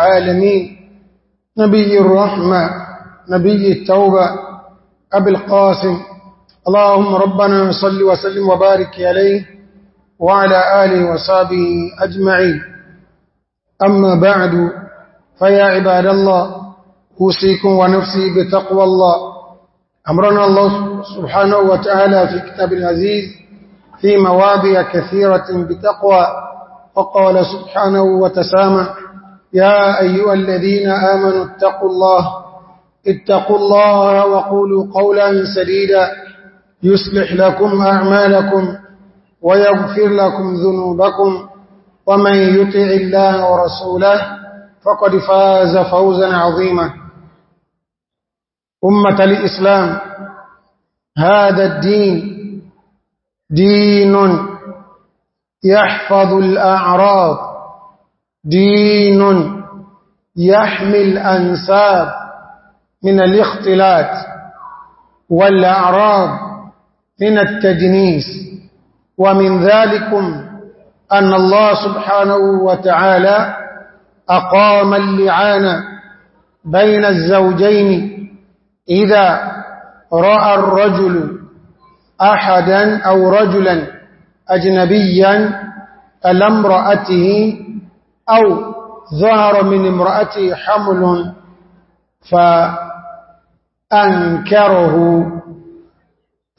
العالمين نبي الرحمة نبي التوبة أبي القاسم اللهم ربنا صل وسلم وبارك عليه وعلى آله وصحبه أجمعين أما بعد فيا عباد الله أوصيكم ونفسي بتقوى الله أمرنا الله سبحانه وتعالى في كتاب العزيز في مواضع كثيرة بتقوى وقال سبحانه وتسامح يا أيها الذين آمنوا اتقوا الله اتقوا الله وقولوا قولا سديدا يصلح لكم أعمالكم ويغفر لكم ذنوبكم ومن يطع الله ورسوله فقد فاز فوزا عظيما أمة الإسلام هذا الدين دين يحفظ الأعراض دين يحمي الأنساب من الاختلاط والأعراض من التجنيس ومن ذلكم أن الله سبحانه وتعالى أقام اللعان بين الزوجين إذا رأى الرجل أحدا أو رجلا أجنبيا الأمرأته أو ظهر من امرأته حمل فأنكره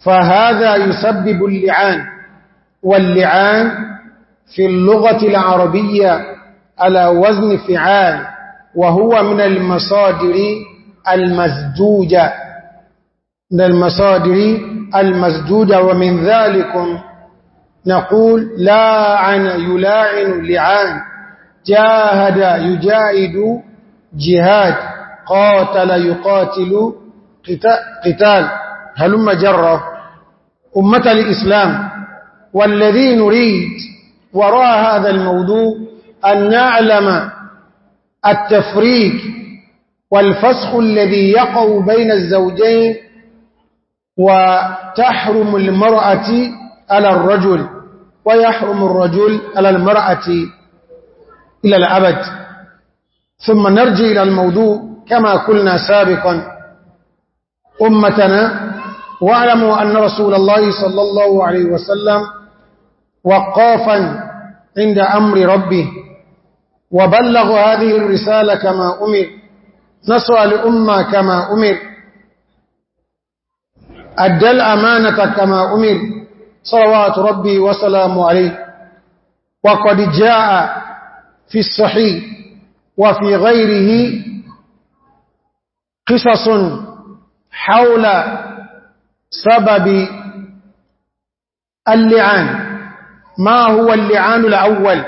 فهذا يسبب اللعان واللعان في اللغة العربية على وزن فعال وهو من المصادر المسجوجة من المصادر المسجوجة ومن ذلك نقول لاعن يلاعن لعان جاهد يجاهد جهاد قاتل يقاتل قتال هلما جرى أمة الإسلام والذي نريد وراء هذا الموضوع أن نعلم التفريق والفسخ الذي يقع بين الزوجين وتحرم المرأة على الرجل ويحرم الرجل على المرأة إلى الأبد ثم نرجع إلى الموضوع كما قلنا سابقا أمتنا واعلموا أن رسول الله صلى الله عليه وسلم وقافا عند أمر ربه وبلغ هذه الرسالة كما أمر نسأل الأمة كما أمر أدى الأمانة كما أمر صلوات ربي وسلام عليه وقد جاء في الصحيح وفي غيره قصص حول سبب اللعان ما هو اللعان الأول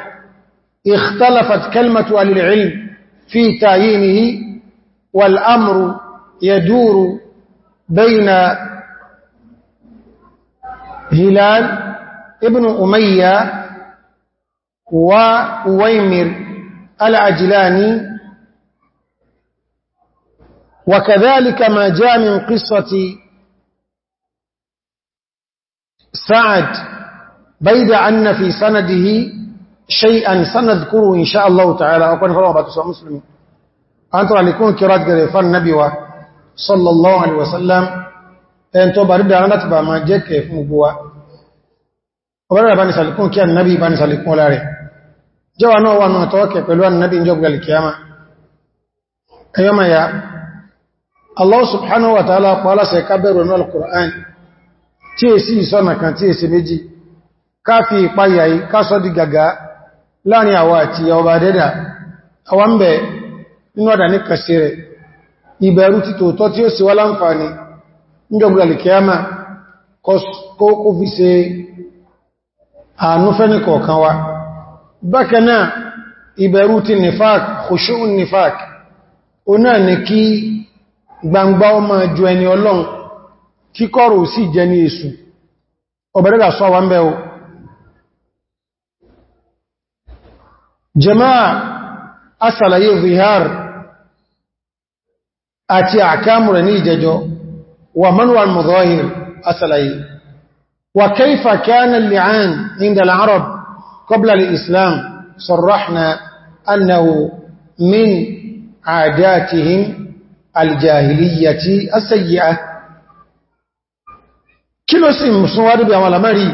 اختلفت كلمة أهل العلم في تعيينه والأمر يدور بين هلال ابن أمية وويمر العجلاني وكذلك ما جاء من قصة سعد بيد أن في سنده شيئا سنذكره إن شاء الله تعالى أقول فرما أبعد مسلم أنت رأي لكون كرات قريفان نبيوة صلى الله عليه وسلم أنت بارد أن نتبع ما جاء كيف مبوا وبرد أن لكون كيان النبي بأن لكون لاريه jọwa náà wà náà tọ́wọ́kẹ̀ pẹ̀lú annabi jọ gbẹ̀lì kìyàmá maya, ya subhanahu wa ta'ala pàálàsẹ̀ ká ní al-Qur'an tí è sí ìsọ́nà kan tí è sí méjì ká fi ìpayà yìí ká di gàgá láàrin àwa àti ọba dẹ́dà awa mba bákanáà ìbẹ̀rú ti nifak khushu'un nifak o náà ni kí gbangba ó máa ju ẹni ọlọ́run kíkọrò sí jẹ ní èṣù ọ̀bẹ̀rẹ́gà sọ wa ń bẹ́ o jama'a asàlàyé zihar àti àkámùrẹ̀ ní ìjẹjọ wa manuwal mudhahir asàlàyé wa kaifa kana قبل الإسلام صرحنا أنه من عاداتهم الجاهلية السيئة kí ló sì mùsùn wá dúbí àwọn alamari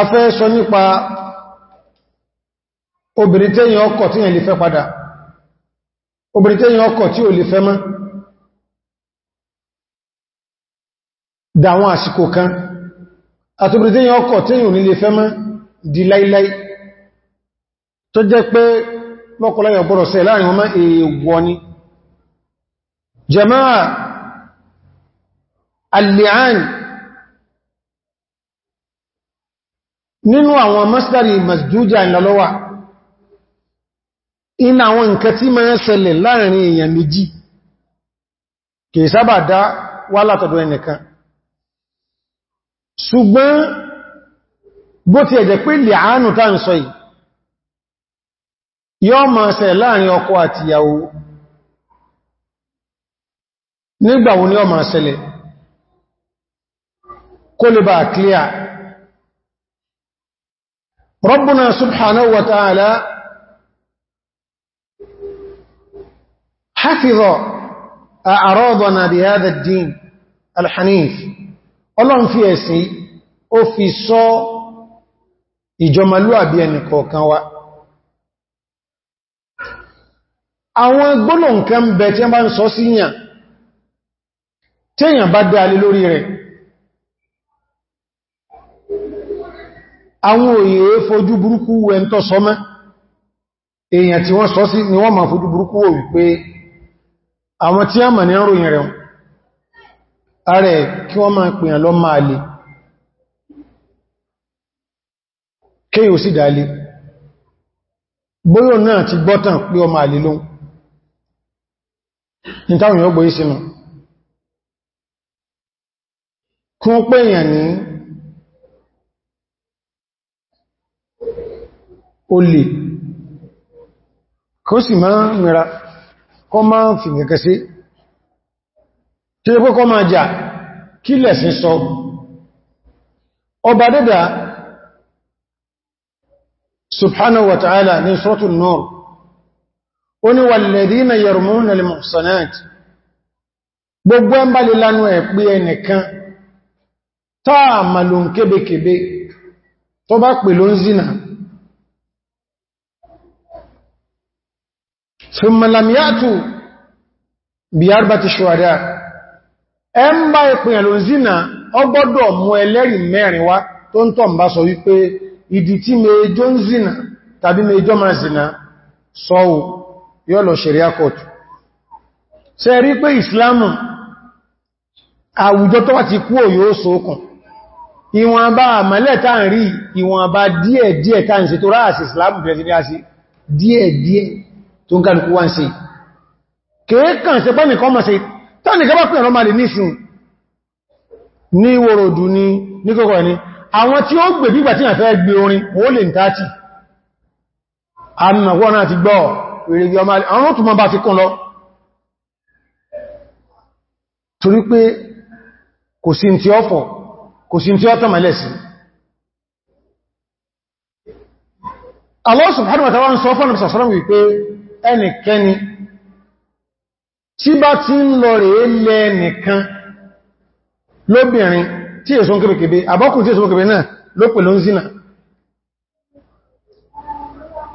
a fẹ́ sọ nípa obìnrin yi ọkọ tí yẹn lè fẹ́ padà obìnrin tẹ́yìn ọkọ tí ò lè fẹ́ mọ́ dáwọn àsìkò kan àtòbìnrin tẹ́yìn ọkọ tẹ́yìn ò ní lè fẹ́ mọ́ di láíláí tó jẹ́ pé mọ́kànláyà ọ̀bọ̀rọ̀ sẹ láàrin ọmọ èèwọ̀ ni jama'a al-li'an nínú àwọn masdari masjújà ìlọ́lọ́wà iná àwọn nǹkan tí ma ń ṣẹlẹ̀ láàrin èèyàn méjì kìí sábà dá wá ẹnìkan ṣùgbọ́n bó ti ẹ̀jẹ̀ pé lè àánú tá ń sọ yìí yọ́ ma ṣẹ̀ láàrin ọkọ àti ìyàwó nígbàwó ni ọ ma ṣẹlẹ̀ kó lè bá clear Rabbuna subhanahu wa ta'ala hafiza a'radana bi hadha ad-din ọlọ́n fi ẹ̀sìn ó fi sọ́ so ìjọmọlúàbí ẹnì kọ̀ọ̀kan wa àwọn gbónà nǹkan bẹ tí wọ́n bá ń sọ sí yàn tí èyàn bá dá alé lórí rẹ̀ àwọn òye fojú burúkú ẹn tó sọmọ́ èyàn tí wọ́n sọ sí ni wọ́n ma fojú burúkú wò wípé àwọn tí a mọ̀ ní ọrọ̀ ìrìn ààrẹ kí wọ́n máa pèyàn lọ máa lè kéyò sí dalé bóyọ̀ náà ti gbọ́tàn pé ọmọ àlè lóhun ní táwọn yóò gbóyí sínú kí wọ́n pè èèyàn ní olè kó sì máa ń mìíra kó máa ń fi gẹ̀gẹ̀ sí tí ó pé máa jà kí lẹ̀sìn sọ ọba dẹ́dàá سبحانه وتعالى من سورة النور oni walladhina yarmuna almuhsanat gbogbo en ba le lanu e pe ẹnìkan ta malun kebekebe tó bá pe ló nzina thumma lam yatu bi arbati shuhada en ba e pe ló nzina ó gbọ́dọ̀ mú ẹlẹ́rìí mẹ́rin wá tó nto n bá sọ wípé ìdí tí mejọ ń zina tàbí mejọ máa zina sọ́wọ́ yóò lọ sharia court ṣe rí pé ìsìláàmù àwùjọ tó wà ti kú òyò sókùn ìwọ̀n bá àmàlẹ̀ tá ń rí ìwọ̀n bá díẹ̀ díẹ̀ tá ń ṣe tó ráàsì ìsìláàmù díẹ̀ díẹ̀ tó ń kálukú wá ń ṣe kèékàn se pọ́nì kan mọ̀ sí ní ìwòròdú àwọn tí ó gbè bí gbàtí àfẹ́ gbé orin ó lè ń tààtì àmàwọ́ náà ti gbọ́ ìrìnlẹ̀ ọmọ àwọn tó bá fi kún lọ torí pé kò sí ti ọ̀fọ̀ kò sí tí mẹ́lẹ̀sì ti lóbìnrin tí èso ń kébèkébé àbọ́kùn tí èso kébèkébé náà ló pè ló ń zínà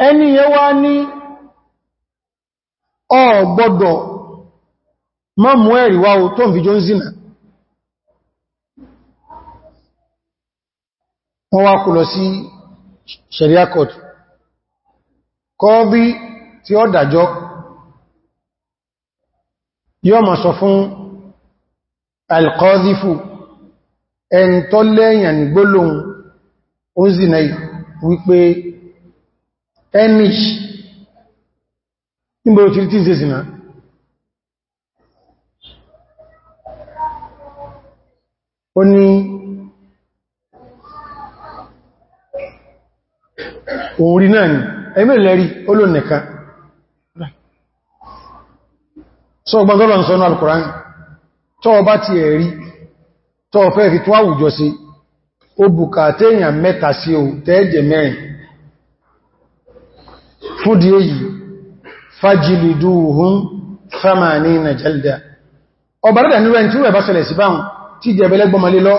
ẹni yẹ wá ní ọ gbọ́dọ̀ má mú ẹ̀rí wá o tó ń fi jọ ń zínà wọ́n wá kò lọ sí sharia court kọ́ọ̀bí tí ó dájọ́ yóò máa sọ fún alkọ́dífù ẹni tó lẹ́yìn gbólóhùn ó zìnà wípé ẹni níbo tí tí ṣe zìnà ó ní orí náà ni ẹgbẹ́ lẹ́rí olónìkan sọ sọ ní quran ti ẹ̀rí tó fẹ́ fi tó àwùjọ sí ó bùkàtẹ́ èèyàn mẹ́ta sí o tẹ́ẹ̀jẹ̀ mẹ́rin fún di èyí fajiliduhun famani na jalda ọba rẹ̀dà ní rẹ̀ tí ó rẹ̀ bá ṣẹlẹ̀ sí báhùn tí jẹ́bẹ̀lẹ́ gbọmọlé lọ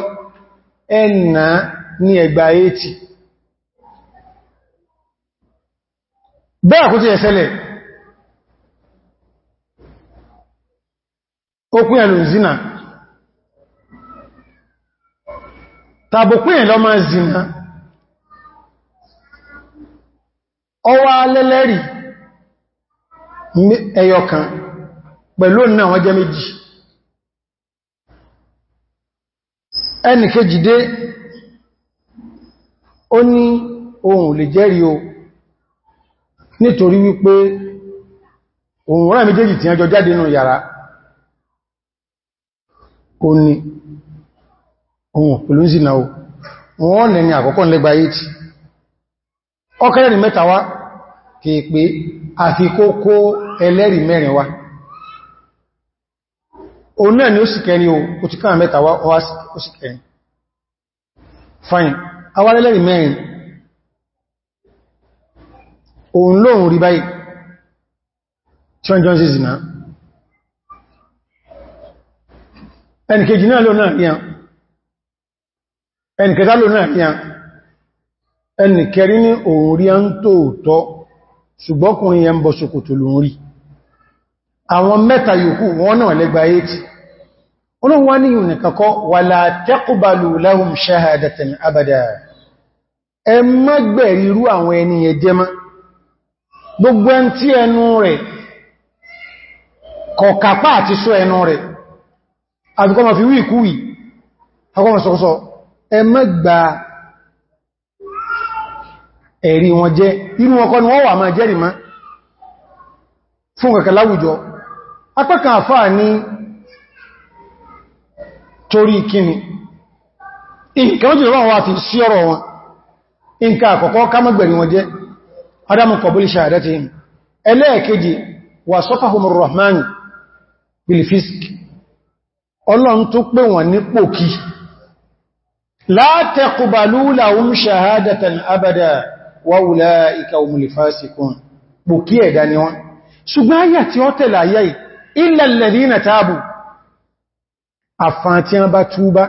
ìzínà tàbùkún èlọ máa zìnà ọwá alẹ́lẹ́rì ẹyọkan pẹ̀lú náà wọ́n jẹ́ méjì ẹni kejìdé ó ní ohun lè jẹ́rì o nítorí wípé ohun rẹ̀ méjèèjì tí ẹjọ jáde nù yàrá kò ní ohun na zina o wọ́n lẹ́ni àkọ́kọ́ lẹ́gbà 8 ọkẹ́rẹ́ mẹ́ta wá kìí pé àfi kó ẹlẹ́rì wá o náà ni ó sì kẹrin o ti wá ó sì fine awa mẹ́rin òun lóòun rí báyìí tí wọ́n jọ ẹnìkẹta lò náà fíyàn ẹnìkẹrí ní òun rí a ń tóòtọ́ ṣùgbọ́kùnrin yẹn bọ́ ṣokòtò lòun rí àwọn mẹ́ta yòókù wọ́n náà lẹ́gbà ayétì olóhun wá ní ìrìnkàkọ́ gbogbo ẹn tí ẹnu rẹ̀ kọ̀kàpá àti sọ ẹnu rẹ̀ àbíkọ́ ma fi wí ìkúwì akọ́mọ̀ sọ́sọ́ ẹ má gba ẹ̀rí wọn jẹ́ inú ọkọ́ ni wọ́n wà máa jẹ́rì má fún kẹ̀kẹ́ láwùjọ afọ àfáà ní torí kíni nǹkan ó jùlọ wọ́n wá fi sí ọ̀rọ̀ wọn nǹkan àkọ́kọ́ ká wọn jẹ́ adamu ṣàdẹ́tì rahman لا تقبلوا لهم شهادة أبدا وأولئك هم الفاسقون بوكيه دانيون ṣùgbọ́n ayà tí ó tẹ̀lẹ̀ ayà yìí illa alladhina tabu àfàn tí wọ́n bá túbá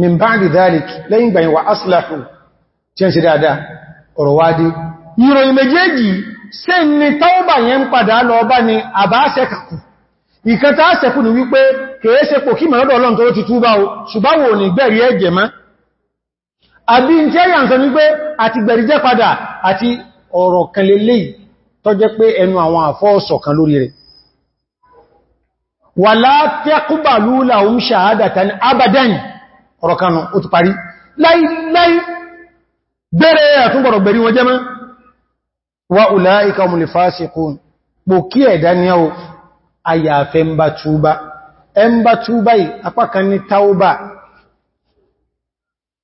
min ba'di dhalik lẹ́yìn gbàyìn wa aslahu tí wọ́n ṣe dáadáa ọ̀rọ̀ wádé ìròyìn méjèèjì ṣe ni tọ́ọ̀bà yẹn ń padà lọ wípé kèése pò kí mọ̀lọ́dọ̀ ọlọ́run tó ti túbá o ṣùgbáwò ní gbẹ̀rí ẹ̀jẹ̀ àbí ń tẹ́yà ń sọ wípé àti gbẹ̀rìjẹ́ padà àti ọ̀rọ̀ kan lélé tó jẹ́ pé ẹnu àwọn àfọ́ọ̀sọ̀ kan lórí rẹ̀ wà látẹ́kúbà lúlà ń ṣàádàtà ní abadan ọ̀rọ̀ kanu ó ti parí láìláì bẹ̀rẹ̀ àtúngbọ̀rọ̀ gbẹ̀rí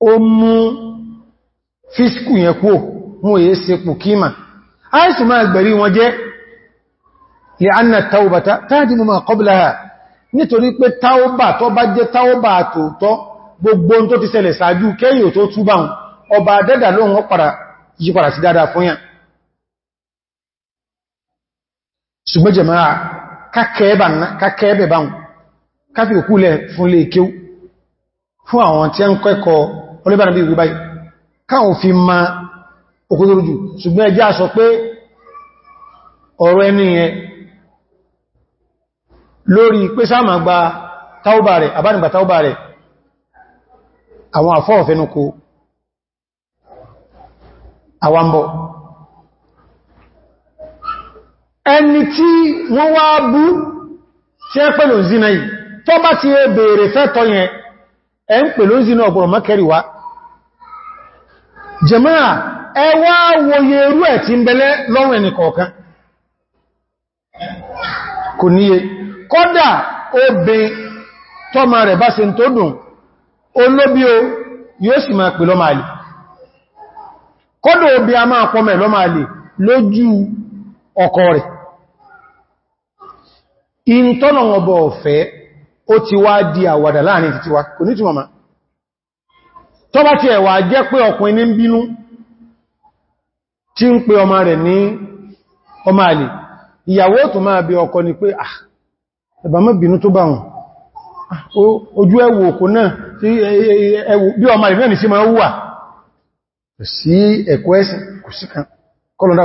ó mú fíṣkù yẹn kó mú èé se pù kíma áìsù máa gbẹ̀rí wọn jẹ́ lè anna taubata tàdínú ma qablaha nítorí pé taubà tó bá jẹ́ taubà tòótọ́ gbogbo tó ti ṣẹlẹ̀ sáájú kẹ́yò tó túbà ọba dẹ́dà lóhun ọpàdà yípadà sí dáadáa fún yàn fún àwọn tí a ń kẹ́kọ̀ọ́ oníbàrán bí ìrìbáyì káwọn fi ma okúrújù ṣùgbọ́n ẹjá sọ pé ọ̀rọ̀ ẹni yẹn lórí pé sáàmà gba taubà rẹ̀ àbánìgbà taubà rẹ̀ àwọn àfọ́ọ̀fẹ́nukó àwambọ̀ ẹni tí wọ́n wá bú tí ẹ pẹ̀lú zina yìí tó bá ti ẹ bèèrè fẹ́ tọ́ yẹn ẹ ń pẹ̀lú zina ọ̀gbọ̀rọ̀ mọ́kẹrìwá jẹmáà ẹwà wòye irú ẹ̀ ti ń bẹ̀lẹ́ lọ́rùn ẹni kò níye kọ́dà obin tọ́mà rẹ̀ bá ṣe tó dùn olóbí o yóò sì máa pè lọ́mà àlè kọ́dà obìn a máa pọ́mẹ̀ lọ́mà àlè lójú ọkọ rẹ̀ ìntọ́nà ọbọ̀ ọ̀fẹ́ ó ti wá di àwàdà láàrin títí kò ní túnmọ̀ máa tó bá ti ẹ̀wà jẹ́ pé ọkùnrin ní bínú tí ń pe ọmọ rẹ̀ ní ọmọ àlè ìyàwó tó máa bí ọkọ ni pé ah, ẹ̀bà má bínú tó bá wọn ah, ojú ẹwù òkú náà e, e, e, bí ọmọ rẹ̀ náà ní sí máa wúwà sí ẹ̀kọ́ ẹ̀sìn kò sí kan kọlọ̀dá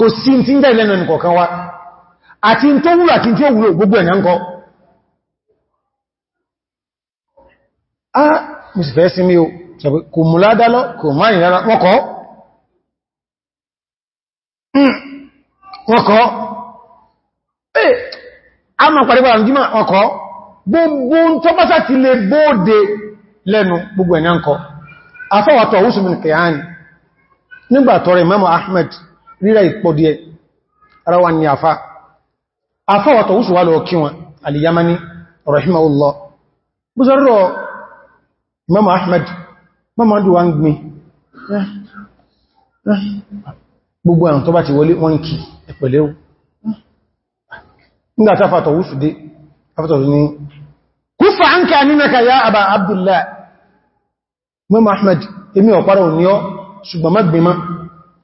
kò sí tí ń dẹ̀ lẹ́nu ẹnì àti tó àti tí ó gbogbo ẹ̀nà ń kọ́ a mo si sí mi o ṣẹ̀bẹ̀ kò mú ládálọ́ kò máa ìrìnlára wọ́n kọ́ hmm, wọ́n kọ́ a máa gbogbo tó bá sáti lè bóòdè lẹ́nu gbogbo ẹ̀nà ń kọ́ Ahmed ríra ìpọ̀ díẹ̀ ara wa ni àfá àfá wàtọ̀ wúsù wà lọ kí wọn alìyamani rahimahullah bú sọ́rọ̀ mama ahmed mama ndù ń gbin gbogbo àwọn tó bá ti wọlé wọ́n kí ẹ̀pẹ̀lẹ́ nígbà tá fàtọ̀ wúsù ya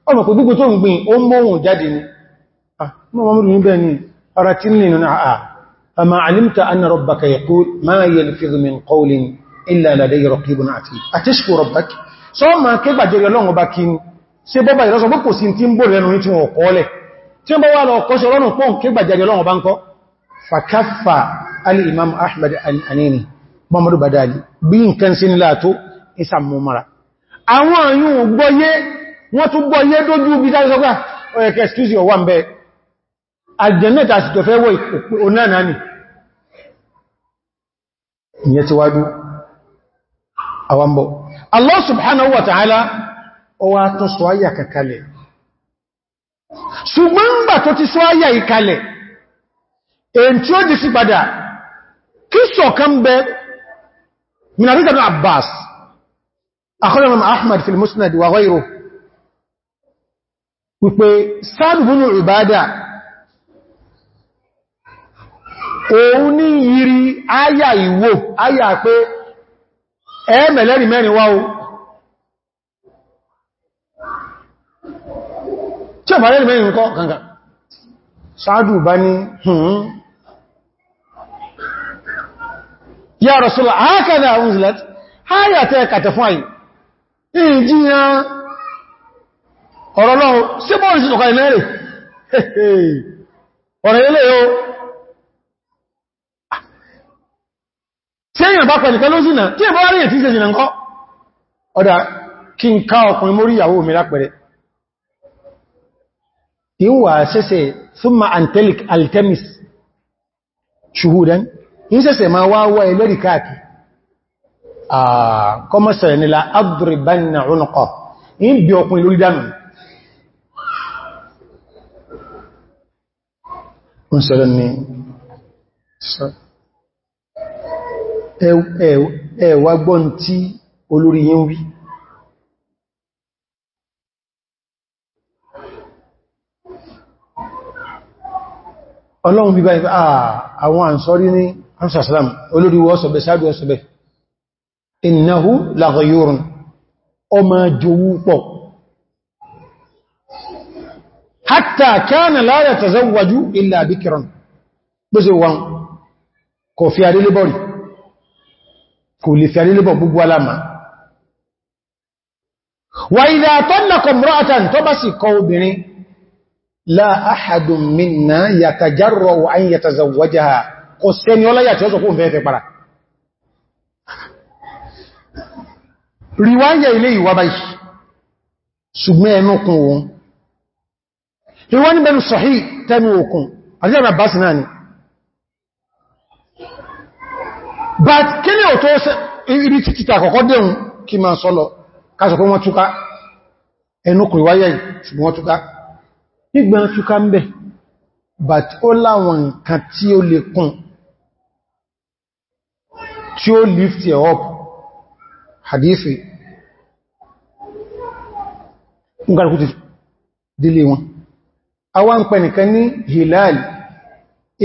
ọmọ kò gbogbo tó ń gbìn ó mọ́hun jáde ni mọ́mọ́mọ́dún ní bẹ́ẹ̀ ni ara tí ní nínú àà àmà alimta anna rabbaka yaqul ma yalfizu min qawlin illa ladayhi raqibun atid atashku rabbak so ma ke gbajere Ọlọ́run ọba kí ni ṣe bọ́bá ìrọ́sọ bó kò sí tí ń bò lẹ́nu ní tí wọ́n kọ́ lẹ̀ tí ó bá àwọn àyún gbọ́yé wọ́n tún gbọ́ yẹ́ dójú bí dájú sọ́gbà ọ̀yẹ̀kẹ́ excuse your one bed aljannet àti tọ̀fẹ́ wọ onáàna ni ìyẹn ti wájú àwambọ̀ Allah subhanahu wa ta'ala ọwá tó sọ ayà kakalẹ̀ ṣùgbọ́n gbà tó ti sọ ayà ìkalẹ̀ èyí tí ó di sí padà wípé sáàdùbùnù ìbádà òun ní yìírí áyà ìwò áyà pé ẹ̀ẹ́mẹ̀lẹ́rì mẹ́rin wá o tí ọ̀fà lẹ́rì mẹ́rin kọ́ kankan sáàdù bá ní hùn hmm. ya Rasulullah ákàdà àwọn ìsìlẹ̀ ha tẹ́ kàtẹ̀ fún àyí ìjìyàn ọ̀rọ̀ lọ́wọ́ sí bọ́ọ̀lù sí ọ̀kàlẹ̀ mẹ́rin ọ̀rọ̀ ilé yóò tí èyàn bá pẹ̀lú kẹ́ ló zìnà tí èyàn bá rí èyàn tí ṣe zìnà ńkọ́ ọ̀dá kí n ká ọkùnrin mórí ìyàwó mi lápẹẹrẹ ìwà sẹ́sẹ̀ súnmà antelic altemis ṣùhúdán ní sẹ́sẹ̀ ma wá wá ẹlẹ́rì káàkiri kọmọ́sẹ̀rẹ̀ nílá adribanna unuqa ní bí ọkùnrin lórí dánù ó ń sọ́lọ́ ní ẹwà gbọ́n tí olórí yín wí ọlọ́run bíbá ìfẹ́ àwọn àǹsọ́rí ní amsàsàlám olórí wọ́sọ̀bẹ̀ sáàbí ọ̀sọ̀bẹ̀ innahu laghayurun ọmọ jowú pọ̀ hatta kana la yatazawwaju illa bikran bó ṣe wọn kò fi àrílébọ̀ rí kò lè fi àrílébọ̀ gbogbo alama wa idha tallaqa imra'atan tó bá sì kọ obìnrin la ahadun minna yatajarra'u an yatazawwajaha kò sẹ́ni ọláyà tí ó sọ fún para riwaya ilé ìwà báyìí ṣùgbọ́n ẹnukun òun ìwọ́n ní bẹnu sọ̀hí tẹnu òkun àti ẹ̀rọ àbáṣì náà ni but kí ní òtó ibi títí àkọ́kọ́ dẹ̀un kí máa sọ́lọ kásọ pé wọ́n túká ẹnukùn ìwáyẹ̀ ṣùgbọ́n wọ́n túká nígbà túká ń bẹ̀ but ó láwọn nǹkan tí ó lè kún tí ó lift ẹ̀ up hadithi ngarukú ti wọn àwa ń pè nìkan ní Hilal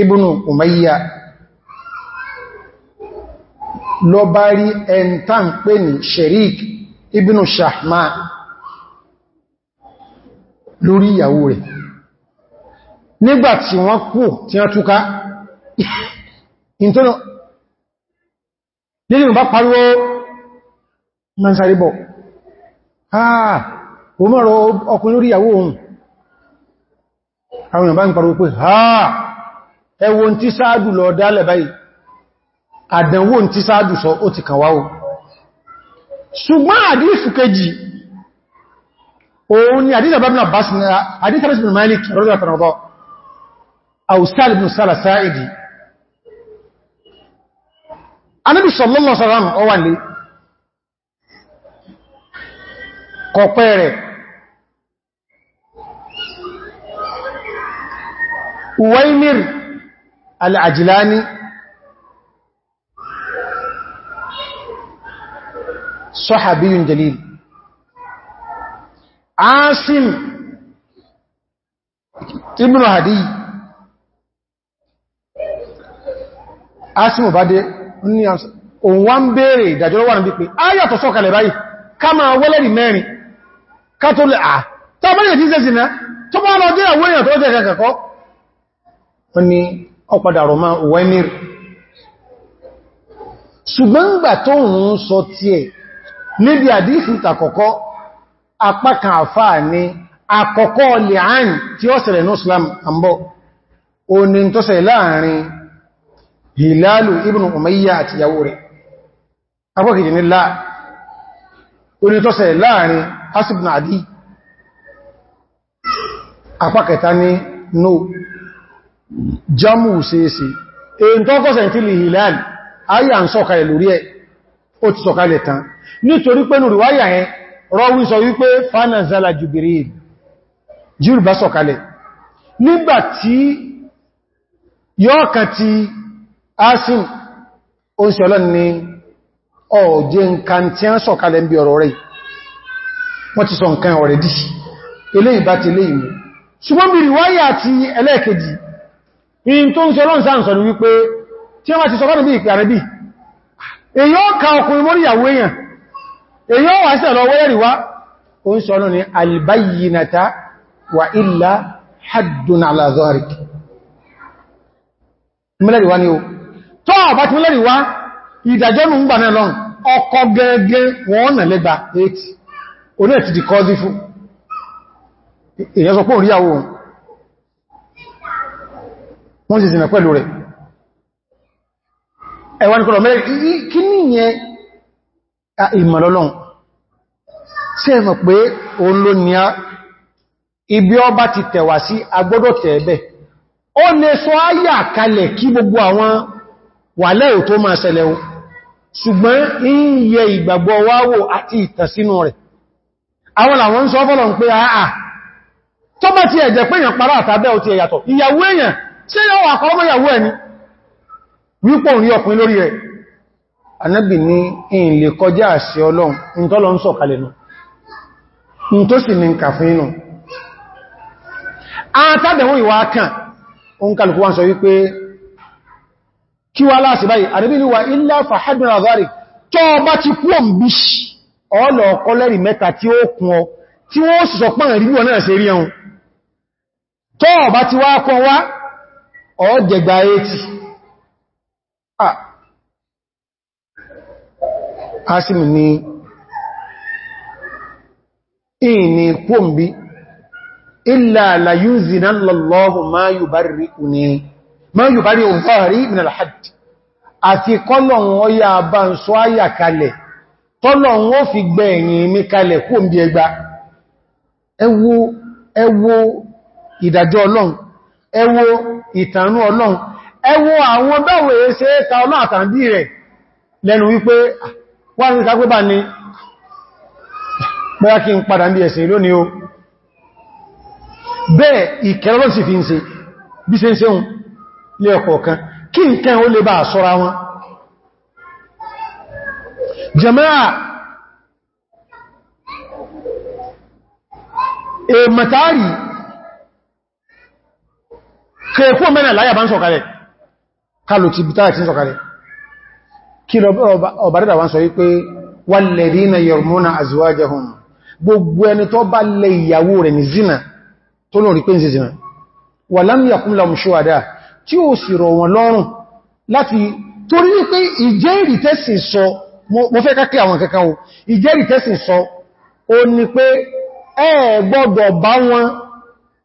ibn Umayya lọ bá rí ẹntà ń pè ní Sharik ibn Shahma lórí ìyàwó rẹ̀ nígbàtí wọ́n kú tí wọ́n túká ìntọ́nà nínú bá pariwo mẹ́sàríbọ̀ ah òmọ́rọ̀ ọkùnrin lórí ìyàwó ohun àwọn èèyàn bá ń parọ́ pé ha ẹwọ tí sáájú lọ dálẹ̀ báyìí àdánwò tí sáájú sọ ó ti kàwá o ṣùgbọ́n àdíṣù kejì òun ni àdíṣà bá bínà básí ní àdíṣà bá bínà Malik rọ́dọ̀ àtàràdọ́ àwùsáàlì bínú kọ̀pẹ́ rẹ̀ أويمر العجلاني صحابي جليل عاصم ابن هدي عاصم بادي òun wá ń bèèrè ìdàjọ́ wà ní pípé ayàtọ̀ sọ́kàlẹ̀ báyìí ká máa wọ́lẹ̀rì mẹ́rin ká tó lè àà tó bá yẹ̀ tí ṣe sí náà tó bá lọ dé àwọn èèyàn tó jẹ́ wọ́n ni ọpadà rọ̀má wẹ́mìr ṣùgbọ́n gbà tó ń sọ tí ẹ̀ níbi àdífì tàkọ́kọ́ apákan àfà ní àkọ́kọ́ lẹ́àn tí ó ṣẹlẹ̀ ní islam àmbọ̀ o ni tó ṣẹlẹ̀ láàrin hilalu ibn umayya àti yàwó rẹ̀ apọ́kìjì láà o ni tó jamu ṣeéṣe èyí tó fọ́sẹ̀ tí lè hìlàlì ayà ń sọ̀kalẹ̀ lórí ẹ̀ ó ti sọ̀kalẹ̀ tán nítorí pé nùrù wáyà ẹ rọwí sọ wípé fanazala Jibril ti asim oṣìọlọ́n ni ọ̀jẹ́ a ń sọ̀kalẹ̀ ń bí ọ̀rọ̀ rẹ̀ wọ́n ti sọ nǹkan ọ̀rẹ̀ dì ṣùgbọ́n bí ríwáyà àti ẹlẹ́ẹ̀kejì in tó ń se lọ́n sáàsọ̀ ní wípé tí wọ́n ti sọ́rọ̀ bí ìpè àrẹ́bí èyí ó ka ọkùnrin mọ́rí ìyàwó èèyàn èyí ó wà sí ẹ̀lọ wẹ́rẹ̀ríwá ó ń sọ́rọ̀ ní albayinata wa illa haddun ala zahrik ni wọ́n sì zìnà pẹ̀lú rẹ̀ ẹwà ní kọ̀lọ̀ mẹ́rin kí ní yẹ ìmọ̀lọ́lọ́un sí ẹmọ̀ pé òun ló ní a ibi ọba ti tẹ̀wà sí agbọ́dọ̀ tẹ̀ẹ̀bẹ̀ ó lè sọ ayà kalẹ̀ kí gbogbo àwọn wà lẹ́ò tó máa ṣẹlẹ̀ o ṣùgbọ́n ń yẹ ìgbàgbọ́ wáwò àti ìtàsínú rẹ̀ àwọn làwọn ń sọ fọ́lọ̀ ń pé tó bá ti ẹ̀jẹ̀ pé èèyàn pará àtàbẹ́ ò ti ẹ̀yàtọ̀ ìyàwó èèyàn ṣe yọ wà fọ́mọ́yàwó ẹni wípò rí ọkùnrin lórí rẹ̀ anábì ní ìyìn lè kọjá àṣẹ ọlọ́run ní tọ́lọ ń sọ̀kalẹ̀ nù ní tó sì ní ǹkà fún inú àtàbẹ̀wọ̀n ìwà kan òun kàlùkù wọ́n sọ wípé kí wá láàṣì báyìí àdébí ní wa ilá fàhádùn àzárì tọ́ ọba ti kú òmìbí ọlọ̀ ọkọlẹ́rì mẹ́ta tí ó kún ọ tí wọ́n sì sọ pọ́n rí ọjẹgba a ah asìmì ni ìní kúòmbí illa la yúzìnà lọ́lọ́hù ma yùbárí ní ma yùbárí òǹfàárí min al-hadd àti kọ́lọ̀un ọya bá ń sọ áyà kalẹ̀ tọ́lọ̀un ó fi gbẹ̀ ẹ̀yìn mi kalẹ̀ kúòmbí ẹgbà ẹ wò ọlọ́run ìtànú ọlọ́run ẹ wo àwọn bẹ́wẹ̀ ṣe ta ọlọ́run àtàndí rẹ̀ lẹ́nu wípé ah, wọ́n ní ká gbébà ní bóyá kí n padà ní ẹ̀sẹ̀ lónìí o bẹ́ẹ̀ ìkẹrọ sì fi ń ṣe bí ṣe ń ṣe hun lé ọkọ̀ọ̀kan kẹ́ẹ̀kú mẹ́nà láyà bá ń sọ̀kalẹ̀ kálò ti bí táyà ti ń sọ̀kalẹ̀ kí lọ ọ̀bàrídà wá ń sọ wípé walladhina yarmuna azwajahum gbogbo ẹni tó bá lẹ ìyàwó rẹ̀ ní zina tó lọ rí pé ń zina walam yakun lahum shuhada tí ó sì rọ̀ wọn lọ́rùn láti torí wípé ìjẹ́rìí tẹ́sìn sọ mo fẹ́ kákí àwọn kankan o ìjẹ́rìí tẹ́sìn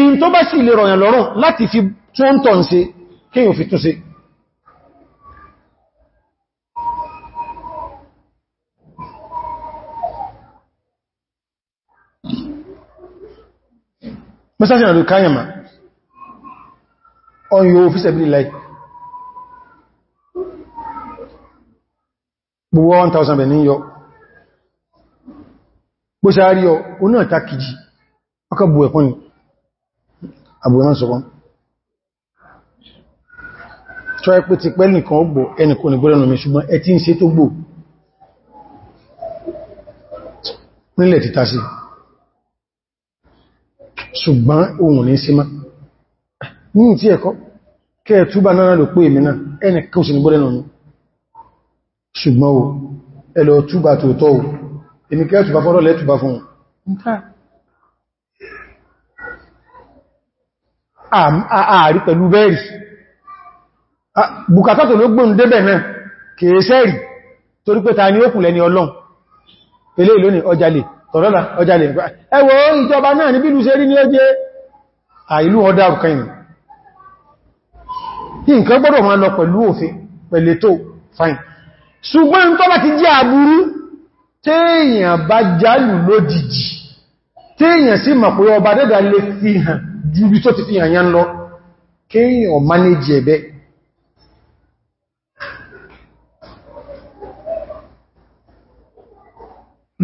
in tó bá sì lè rọ̀yàn lọ́rùn láti fi tó ń tọ́n ṣe kí yíò fi tún ṣe mọ́sásí àdó káyàmà ọ̀yọ̀ òfíṣẹ̀ bí láì gbogbo 1000 bẹ̀ yọ bó ṣe àríọ̀ onáà takìjì ọkọ̀ bù ẹ̀kùn ni àbúrán sọ́kọ́ tó ẹ pé ti pẹ́ nìkan ó gbò ẹnìkan ní gbọ́lẹ̀nà mi ṣùgbọ́n ẹ ti ń ṣe tó gbò nílẹ̀ títà sí ṣùgbọ́n ohun ní símá ní tí ẹ̀kọ́ kẹ́ túbà náà lò pé èmì náà ẹnìkan sí ní gbọ́lẹ̀nà mi ṣùgbọ́n o ẹlọ ààrí pẹ̀lú bẹ́ẹ̀rì bukatato ló gbóhùn débẹ̀ náà kèé sẹ́rì torí pé ta ni ó kùnlẹ̀ ni ọlọ́n pẹ̀lú ìlú ọjàlẹ̀ ṣùgbọ́n tó bá ti jẹ́ àbúrú téèyàn bá jálù lójijì téèyàn sì mọ̀ ọba dẹ́dà lè fi hàn ju bí tó ti fi àyàn lọ kéèyàn manéjì ẹ̀bẹ́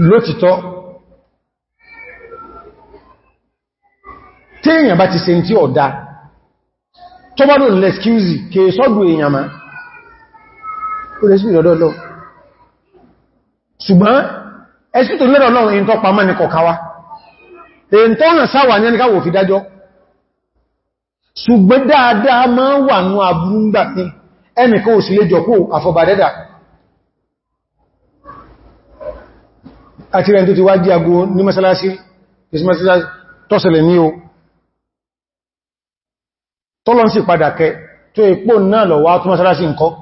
lótìtọ́ téèyàn bá ti ṣe tí ọ̀dá tó bá lónìí lẹ́skíúzì kèé sọ́dù èèyàn ma ó lè sí ìrọ̀dọ́lọ́ ṣùgbọ́n ẹ̀sùn tó lẹ́rọ̀ lọ́rùn èyí tó pa mọ́ kọ̀kawa èyí tó rán sáwà ní ẹnikà fi dájọ́ ṣùgbọ́n dáadáa máa wà ní àbúrú ń gbà ní ẹnìkan ò sí lè jọkó àfọbàdẹ́dà àti rẹ̀ tó ti wá jí ago ní mẹ́sàlásí tọ́sẹ̀lẹ̀ ní o tọ́lọ́n sì padà kẹ tó èpò náà lọ wá tó mẹ́sàlásí nǹkan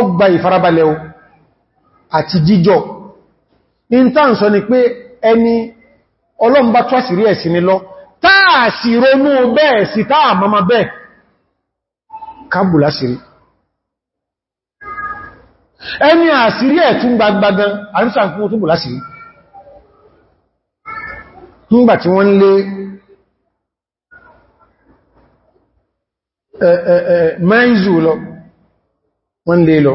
ọgbà ìfarabalẹ̀ o àti jíjọ in tá sọ ni pé ẹni ọlọ́mbá tọ́sìrí ẹ̀sìn ni lọ táà sì ronú bẹ́ẹ̀ sí mama bẹ́ẹ̀ kábùlá sírí ẹni àsírí ẹ̀ tún gbagbagan àrísà fún tó lọ wọ́n lọ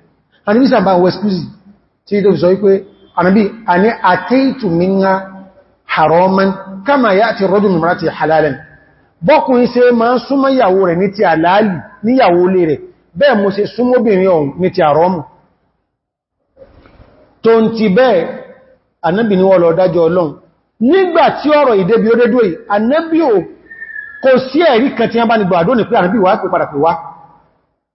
àníbí sàmbá wẹ́skúzì tí tó fi sọ wípé àníbí àní àtẹ́ìtù minna haraman kama ya ti rọ́dù mìíràn ti halalan bọ́kùnrin ṣe máa ń súnmọ́ ìyàwó rẹ̀ ní ti àlàálì níyàwó lè rẹ̀ bẹ́ẹ̀ mo ṣe súnmọ́bìnrin ọ̀hún ní ti àrọ́mù tó ń ti bẹ́ẹ̀ ànábì ni wọ́n lọ dájọ́ ọlọ́run nígbà tí ọ̀rọ̀ ìdébi ó dédó yìí ànábì ò kò sí ẹ̀rí kan tí wọ́n bá ní gbàdó ní pé ànábì wá pè padà pè wá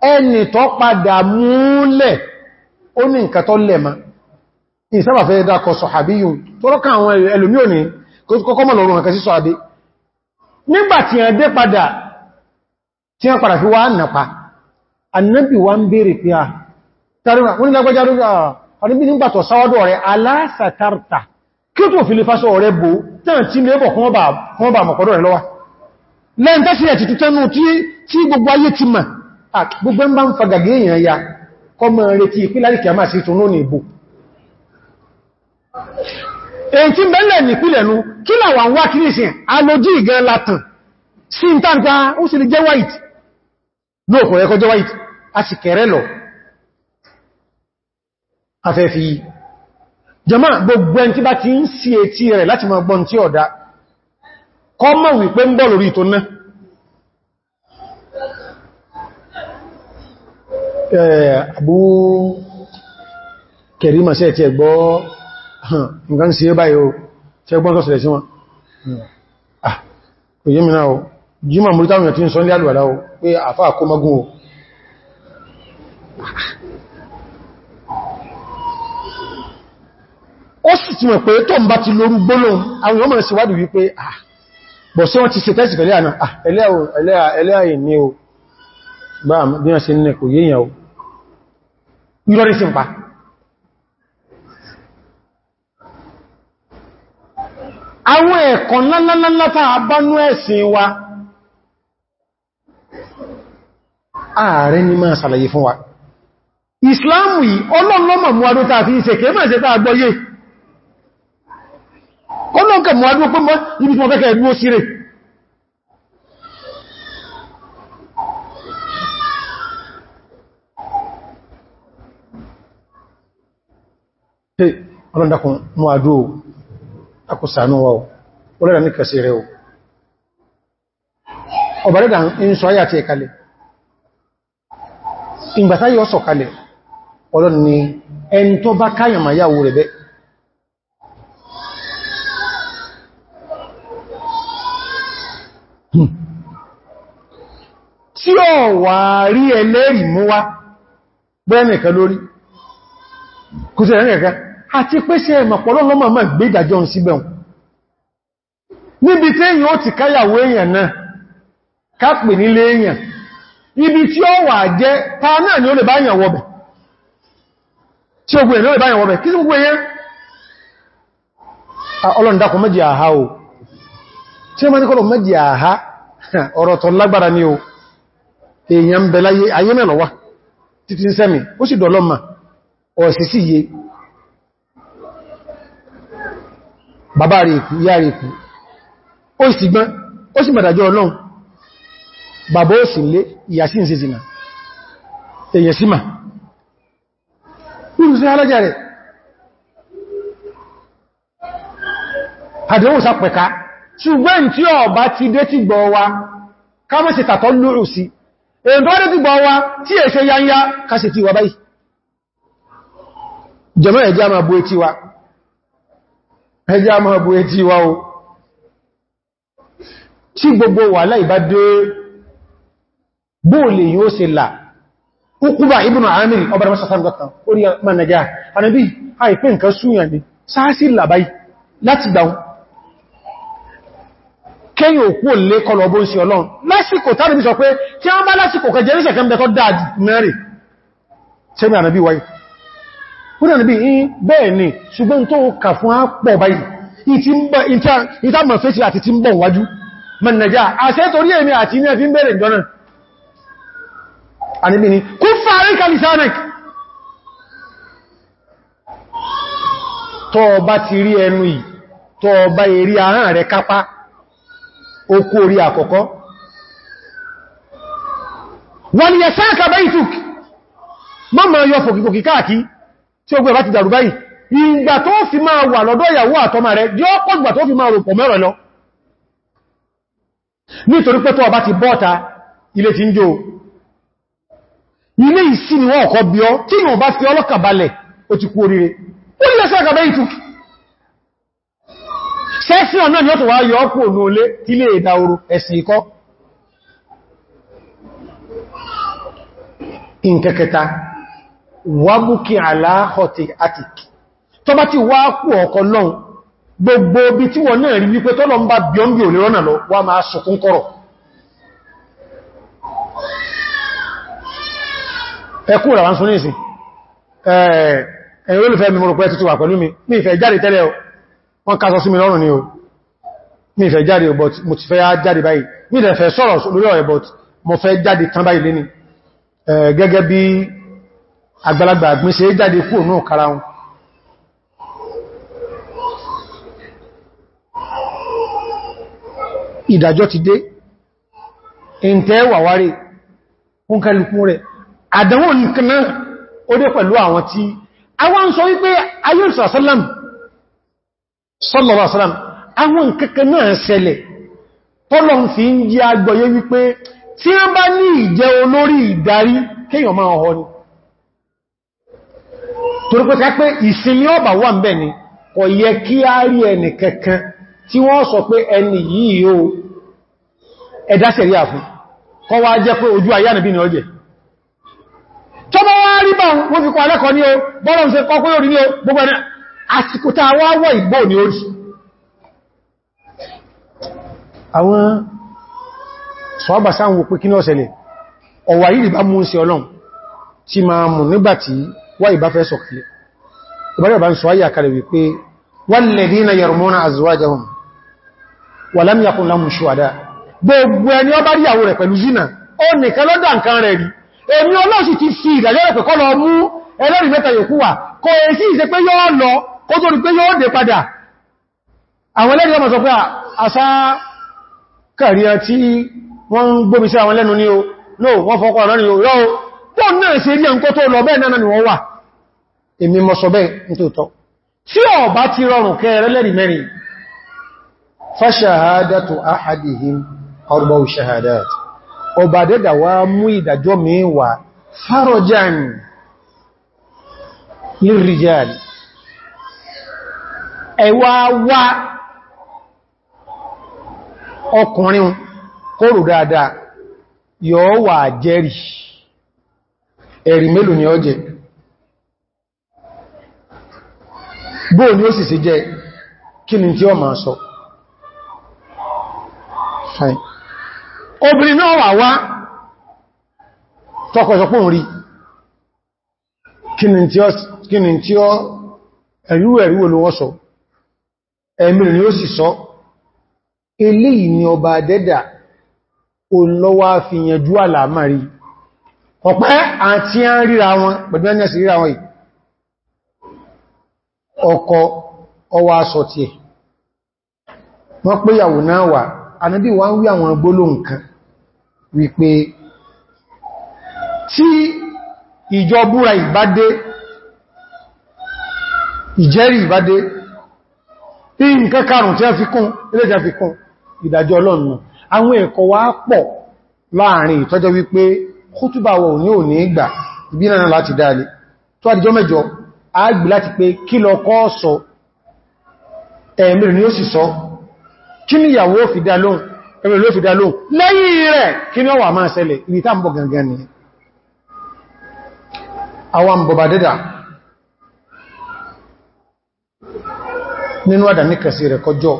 ẹni tó padà múlẹ̀ ó ní nǹkan tó lẹ́mà ìsábà fẹ́ dákọ̀ sọ̀hábíyùn tó rọ́kà àwọn ẹlòmí òní kọ́kọ́ mọ̀ lọ́rùn àkàsí sọ̀hábí nígbàtí ẹ̀ dé padà tí wọ́n padà fi wá nàpa annabi wa ń bèèrè pé ah, ah, a tàríwà wọ́n ni lágbàjá rúgbà ọ̀rẹ́bí nígbàtọ̀ sáwọ́dọ̀ gbogbo ń bá ń fagagé èèyàn ya kọ mọ̀ retí ìpínlẹ̀ ìkẹ́ àmà sí ìtùnú ní ìbò èyí tí bẹ́lẹ̀ ní ìpínlẹ̀ nú kí làwà ń wá kí nìsìn alójí ìgan látàn sí ìtànkà ó sì lè jẹ́ white ní òkò ẹ̀kọ́ jẹ́ white a sì kẹ̀rẹ́ lọ afẹ́fì Eh, Abu Kerima sí ẹ̀tí ẹgbọ́ nǹkan sí ẹbá yóò tí ẹgbọ́n tó sẹ̀lẹ̀ sí wọn ah, kò yé mi náà o jíma mú táwọn tí ń sọ ní àlùwàlá o pé àfá àkó mọ́gún o ó sì ti mọ̀ pé tó ń bá ti lórú gbólóhùn àwọn ọmọ ìsìwádìí wípé ah, bọ̀ sí wọ́n ti ṣe tẹ́sì pẹ̀lẹ́ àná ah, ẹlẹ́ àìní o bá bí wọ́n ṣe ní ẹ̀kò yíyàn o ìrọ̀rí sí e pa àwọn ẹ̀kọ́ lálálátà abánú ẹ̀sìn wa ààrẹ ni máa sàlàyé fún wa ìsìláàmù yìí ọlọ́lọ́mọ̀ muwadó tàà fi ṣe kèémà ṣe tàà gbọ́yé ọlọ́kẹ̀ muwadó pé mọ́ ibi tí wọ́n fẹ́kẹ̀ẹ́ dúó sírè pé ọlọ́dàkùn mú àdó akùsànú wa ọlọ́dà ní kẹsì rẹ̀ ọ̀bàrẹ́dà ń sọ ayà tí ẹ ìgbàtá yọ sọ ọlọ́ni ẹni tó bá káyàmà yàwó rẹ̀ bẹ́ hmm. tí ó wà rí ẹlẹ́rìí mú wá lórí àti pèsè ẹ̀mọ̀pọ̀lọ́ lọ́mọ̀ mọ̀ gbé ìdàjọ́ síbẹ̀ wọn níbi tí èyàn ó ti káyàwó èyàn náà kápè nílé èyàn ibi tí ó wà jẹ́ ta náà ni ó lè báyàn wọ́bẹ̀ tí ó gbẹ̀rẹ̀ lè báyàn wọ́bẹ̀ kí ah, sí gbogbo èyàn bàbá rẹ̀ ikú ìyá rẹ̀ ikú ó sì gbọ́n ó sì mẹ́dàjọ́ ọlọ́run bàbá ó sì lé ìyà sí ìsẹ́ ìsìnà èyẹ̀ símà nínú sí alájá rẹ̀ àdéhùn sápẹ̀ká ṣùgbọ́n tí ti dé ti gbọ́ wa ká tàtọ́ lóòrù sí èyàn tó ti ẹjá máa bú etí wá o tí gbogbo wà láìbá bóòlè yóò se là Ukuba ibn Amir ọba da masasan zata orí managa anabi haifin kan súnyà ne sáàsì labai láti dáun kẹ́yìn òkú olè kọlọ ọbọ̀ ìṣẹ́ ọlọ́run lásìkò tàbí sọ pé tí a ń bá lásìkò kẹjẹrẹsẹ̀ kẹ́ dáadì mẹ́rin sẹ́mi ànàbí wáyìí wọ́n bí i bẹ́ẹ̀ ni ṣùgbọ́n tó kà fún àpọ̀ báyìí ìtàmà fèsì àti tí ń bọ̀ wájú mẹ́nàjá àṣẹ torí èmi àti ní ẹfí ń bẹ̀rẹ̀ ìjọ náà àníbí ni kú fàárí kalisanek tọ́ ọba ti rí ẹnu yìí tọ́ ọba èrí àrán rẹ̀ kápá okú orí àkọ́kọ́ wọ́n ni ẹ̀sẹ́ àkàbẹ́ ìtùk mọ́mọ̀ yọ fòkìkòkì káàkiri tí ó gbé bá ti dàrú báyìí ìgbà tó fi máa wà lọ́dọ̀ ìyàwó àtọmà rẹ̀ yóò pọ̀ ìgbà tó fi máa rò pọ̀ mẹ́rọ lọ nítorí pé tó ọba ti bọ́ta ilé ti ń jò ilé ìsí ni wọ́n ọ̀kọ́ tí wọ́n bá fi ó ti kú oríire ó wábúkí aláhọ̀tí atik tó bá ti wá kú ọkọ̀ lọ́n gbogbo bí tí wọ́n náà rí wípé tọ́lọ ń bá bíọ́nbí ò lè rọ́nà lọ wá máa sọkún kọ́rọ̀ ẹkú rà wá ń sọ ní ìsìn ẹ̀yìn olùfẹ́ mi mọ̀rọ̀ pẹ́ títí wà pẹ̀lú mi mi ìfẹ́ jáde ni o mo fẹ́ jáde tán báyìí léni gẹ́gẹ́ bí àgbàlagbà àgbínṣe jáde kúrò náà kára wọn ìdájọ́ ti dé ẹ̀ntẹ́ wàwárí fún kẹlùkún rẹ̀ àdánwò nìkan náà ó dé pẹ̀lú àwọn tí àwọn sọ wípé ayélujára sálàm sọ́lọ̀wà sálàm àwọn kẹ́kẹ́ náà ṣẹlẹ̀ tọ́lọ̀ ń jẹ́ agbọ̀yé wípé tí wọ́n bá ní ìjẹ́ olórí ìdarí kéèyàn máa ọ̀họ́ ni torí pé kápé ìsinmi ọba wà ń bẹ̀ ni kò yẹ kí a rí ẹni kankan tí wọ́n sọ pé ẹni yìí o ẹ̀dá sẹ̀rí àfún kọ́ wá jẹ́ pé ojú ayá nìbí ni ọ jẹ́ tọ́bọ̀ wá rí bá wọ́n fi kọ́ alẹ́kọ́ ní o bọ́rọ̀ ń ṣe kọ́ pé orí ní o gbogbo ẹ̀nà wá ìbá fẹ́ sọ̀kalẹ̀ ìbárẹ̀ bá ń sọ ayà kalẹ̀ wípé walladhina yarmuna azwajahum wa lam yakun lahum shuhada gbogbo ẹni ó bá rí ìyàwó rẹ̀ pẹ̀lú zina ó wọ́n ń gbóbi sí àwọn lẹ́nu ní o no wọ́n fọ́kọ̀ ni o rọ́ tó náà ṣe rí ẹnkọ́ tó lọ bẹ́ẹ̀ náà ni wọ́n wà èmi mọ́ sọ bẹ́ẹ̀ nítòótọ́ tí ó bá ti rọrùn kẹrẹ lẹ́rì mẹ́rin fashahadatu ahadihim arba'u shahadat ọba dẹ́dà wá mú ìdàjọ́ mẹ́wà farajan lirrijal ẹwà wá ọkùnrin kóró dáadáa yóò wà jẹ́rì ẹ̀rì mélòó ni ó bóò ni ó sì sí jẹ́ kí ni tí ó máa sọ obìnrin náà wà wá tọ́kọ̀sọpọ̀ rí kí ni tí ó ẹ̀rú ẹ̀rú olówọ́sọ ẹ̀mí ni ó sì sọ eléyìí ni ọba dẹ́dà olówá fi yanjú àlàmà rí ọ̀pẹ́ àti àríra wọn pẹ̀lú ẹni ẹ̀sì ríra wọn yìí ọkọ ọwà aṣọ tí ẹ̀ wọ́n pé yàwó náà wà anábí wọ́n wí àwọn gbólóhùn kan wípé tí ìjọbúra ìbádé ìjẹ́rì ìbádé tí nǹkan karùn tí a fi kún ilé tí a fi kún ìdájọ́ ọlọ́nà àwọn ẹ̀kọ́ wá pọ̀ láàrin ìtọ́jọ́ wípé kútùbà wọ̀ ní òní ìgbà ìbínà láti dáalé tó àdíjọ́ mẹ́jọ agbì láti pé kí lọ kọ́ sọ ẹ̀mìrì ni ó sì sọ kí ni ìyàwó fi dá lóhùn ẹ̀mìrì ló fi dá lóhùn lẹ́yìn rẹ̀ kí ni ó wà máa ṣẹlẹ̀ ibi tá ń bọ̀ gangan ni àwọn bọ̀bà dẹ́dà nínú àdà ní rẹ̀ kọjọ́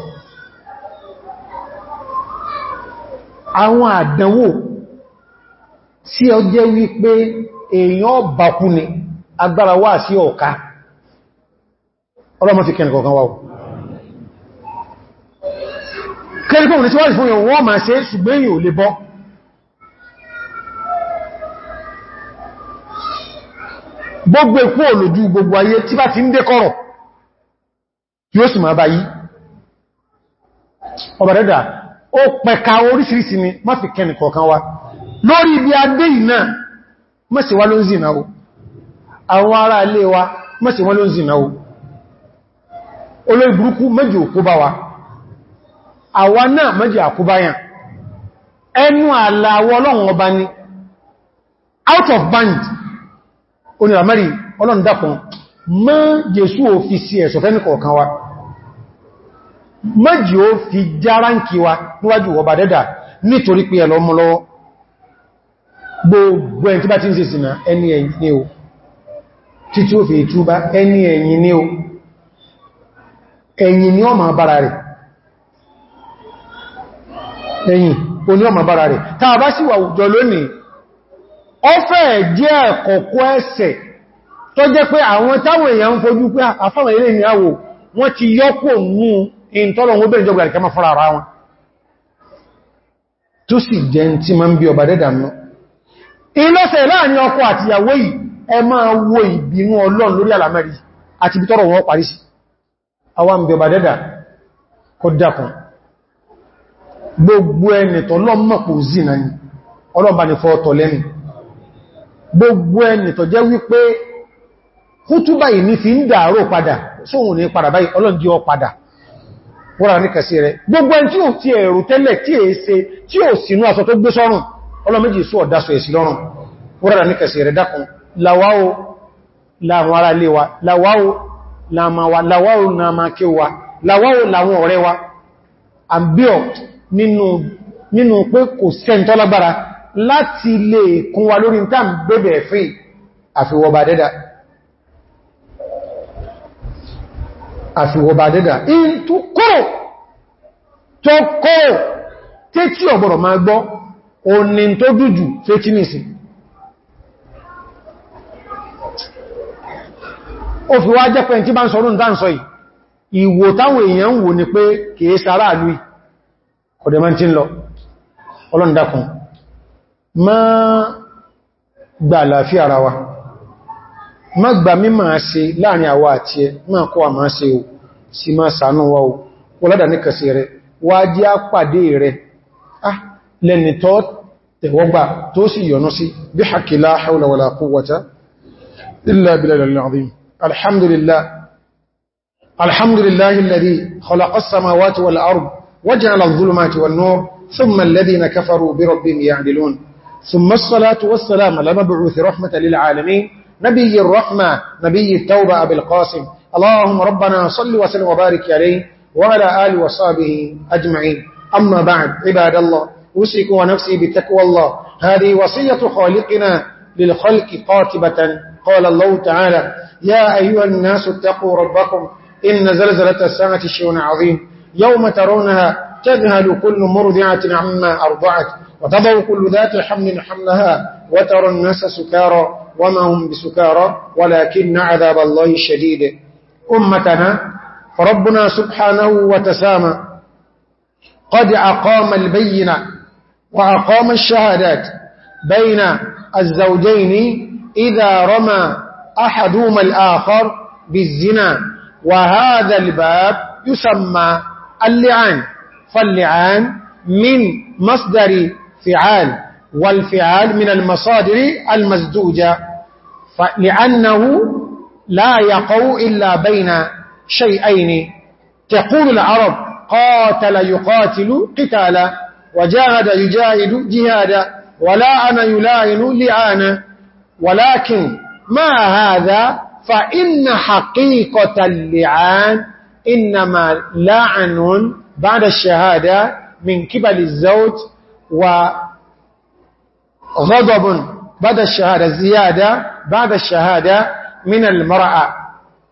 àwọn àdánwò tí ó wípé èèyàn bàkú ni agbára wa sí ọ̀ká ọlọ́mọ ti kẹrìnkọ̀ kan wáwọ́ kẹrìnkọ̀ òní tí wọ́n fún ma ò gbogbo gbogbo ayé tí bá ti ń dé kọ́rọ̀ yóò sì máa bá yí ọba rẹ̀dà ó pẹ̀ka ni má fi lórí ibi adé àwọn ará ilé wa mọ́sí wọ́n ló ń zìnà o olórí burúkú méjì òkúbá wa àwa náà méjì àkúbáyàn ẹnu àlàwọ ọlọ́run ọba ni out of band oníràmẹ́rì ọlọ́run dákun mọ́ jésù ò fi sí ẹ̀sọ̀ fẹ́nìkọ̀ọ̀kan wa méjì ó fi járáǹkì wa níwájú ọba dẹ́dà nítorí pé ẹ̀lọ́mọlọ́wọ́ gbogbo ẹni tí bá ti ń ṣe sínà ẹni ẹ̀yìn ní o títí ó fi ìtúbá ẹni ẹ̀yìn ní o ẹ̀yìn ni ó ma bára rẹ̀ ẹ̀yìn o ní ó ma bára rẹ̀ tàà bá sì wà òjò lónìí ọ fẹ́ jẹ́ ẹ̀kọ̀kọ́ ẹsẹ̀ tó jẹ́ pé àwọn táwọn èèyàn ń fojú pé ah, àfáwọn ilé ni ẹ máa wo ìbínú ọlọ́run lórí àlàmẹ́rí àti ibi tọ́rọ̀ wọn parí sí àwọn àmìbẹ̀bà dẹ́dà kọ dákùn gbogbo ẹnìtọ̀ lọ́mọ̀pò zina ni ọlọ́ba ni fọ́ọ̀tọ̀ lẹ́nu gbogbo ẹnìtọ̀ jẹ́ wípé kútúbà yìí ní fi ń dàárò padà sóhun ní padà báyìí ọlọ́njí ọ padà wọ́ra ní kàsí rẹ̀ gbogbo ẹn tí ó ti ẹ̀rù tẹ́lẹ̀ tí è ṣe tí ó sínú aṣọ tó gbé sọ́rùn ọlọ́mẹ́jì sọ èsì lọ́rùn wọ́ra ní kàsí rẹ̀ dákùn láwáwò láàmù ara lè wa láwáwò láàmà wa láwáwò náàmà kí wa láwáwò láwọn ọ̀rẹ́ wa àbíọ̀ nínú pé kò sẹ́ntọ́ lágbára láti lè kún wa lórí tàn bẹ́bẹ̀ fún àfiwọba dẹ́dà àfiwọba dẹ́dà in tó kọ́rọ̀ tó kọ́rọ̀ tẹ́tí ọ̀gbọ̀rọ̀ máa gbọ́ òní tó dújù fẹ́tí ó fi wá jẹ́ pẹ́ntí bá ń sọrún dáńsọ ìwò táwọn èèyàn wò ní pé kìí sára àlúì kọ̀dẹ̀ máa ti ń lọ ọlọ́ndakùn má gbà àlàáfíà ara wa má gbà mí máa ṣe láàrin àwa àti ẹ máa kọ́ àmá ṣe o sí máa sàánú wa o wọ́lọ́dà ní kẹsì rẹ wá jẹ́ àpàdé rẹ ah lẹ́ni tọ́ tẹ̀wọ́gbà tó sì yọ̀nú sí bí hakila haula wala quwwata illa billahi الحمد لله الحمد لله الذي خلق السماوات والأرض وجعل الظلمات والنور ثم الذين كفروا بربهم يعدلون ثم الصلاة والسلام لمبعوث رحمة للعالمين نبي الرحمة نبي التوبة أبي القاسم اللهم ربنا صل وسلم وبارك عليه وعلى آل وصابه أجمعين أما بعد عباد الله أوسك ونفسي بتكوى الله هذه وصية خالقنا للخلق قاتبة قال الله تعالى يا أيها الناس اتقوا ربكم إن زلزلة الساعة شيء عظيم يوم ترونها تذهل كل مرضعة عما أرضعت وتضع كل ذات حمل حملها وترى الناس سكارى وما هم بسكارى ولكن عذاب الله شديد أمتنا فربنا سبحانه وتسامى قد أقام البينة وأقام الشهادات بين الزوجين إذا رمى أحدهما الآخر بالزنا وهذا الباب يسمى اللعان فاللعان من مصدر فعال والفعال من المصادر المزدوجة لأنه لا يقو إلا بين شيئين تقول العرب قاتل يقاتل قتالا وجاهد يجاهد جهادا ولا أنا يلاين لعانا ولكن ما هذا فإن حقيقة اللعان إنما لعن بعد الشهادة من قبل الزوج وغضب بعد الشهادة زيادة بعد الشهادة من المرأة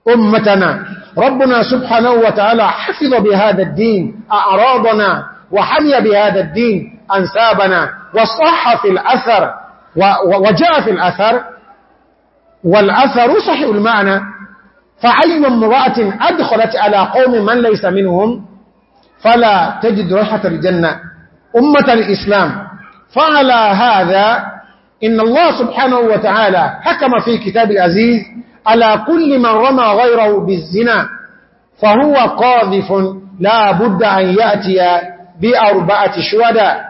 أمتنا ربنا سبحانه وتعالى حفظ بهذا الدين أعراضنا وحمي بهذا الدين أنسابنا وصح في الأثر وجاء في الأثر والأثر صحيح المعنى فأي امرأة أدخلت على قوم من ليس منهم فلا تجد ريحة الجنة أمة الإسلام فعلى هذا إن الله سبحانه وتعالى حكم في كتاب العزيز على كل من رمى غيره بالزنا فهو قاذف لا بد أن يأتي بأربعة شهداء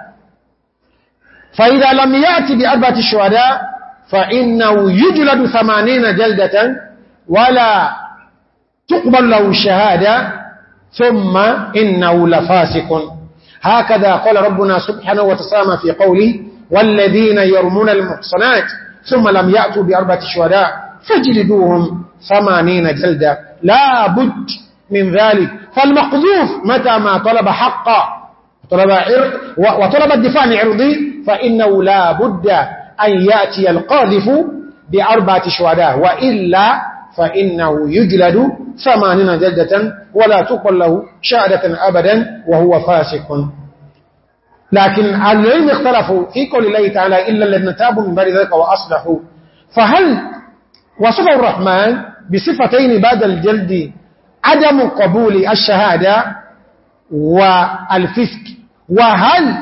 فإذا لم يأتي بأربعة الشهداء فإنه يجلد ثمانين جلدة ولا تقبل له الشهادة ثم إنه لفاسق هكذا قال ربنا سبحانه وتسامى في قوله والذين يرمون المحصنات ثم لم يأتوا بأربعة شهداء فجلدوهم ثمانين جلدة لا بد من ذلك فالمقذوف متى ما طلب حقا طلب عرض وطلب الدفاع عن عرضي فإنه لا بد أن يأتي القاذف بأربعة شهداء وإلا فإنه يجلد ثمانين جلدة ولا تقل له شهادة أبدا وهو فاسق لكن العلم اختلفوا في قول الله تعالى إلا الذين تابوا من بعد ذلك وأصلحوا فهل وصف الرحمن بصفتين بعد الجلد عدم قبول الشهادة والفسك وهل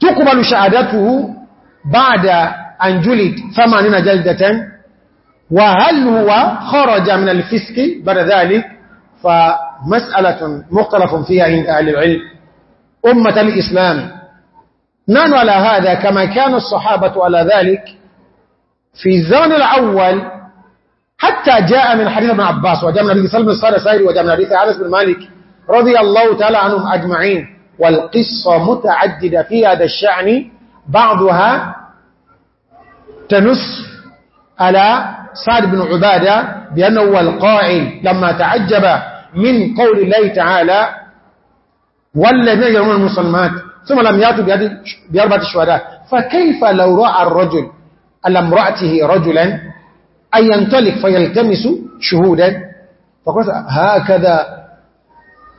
تقبل شهادته بعد أن جلد ثمانين جلدة وهل هو خرج من الفسك بعد ذلك فمسألة مختلف فيها عند أهل العلم أمة الإسلام نحن على هذا كما كان الصحابة على ذلك في الزمن الأول حتى جاء من حديث ابن عباس وجاء من حديث الله عليه سائر وجاء من حديث الله بن مالك رضي الله تعالى عنهم أجمعين والقصة متعددة في هذا الشأن بعضها تنص على سعد بن عبادة بأنه هو القائل لما تعجب من قول الله تعالى والذين يجرمون المسلمات ثم لم يأتوا بأربعة شهداء فكيف لو رأى الرجل على امرأته رجلا أن ينطلق فيلتمس شهودا فقلت هكذا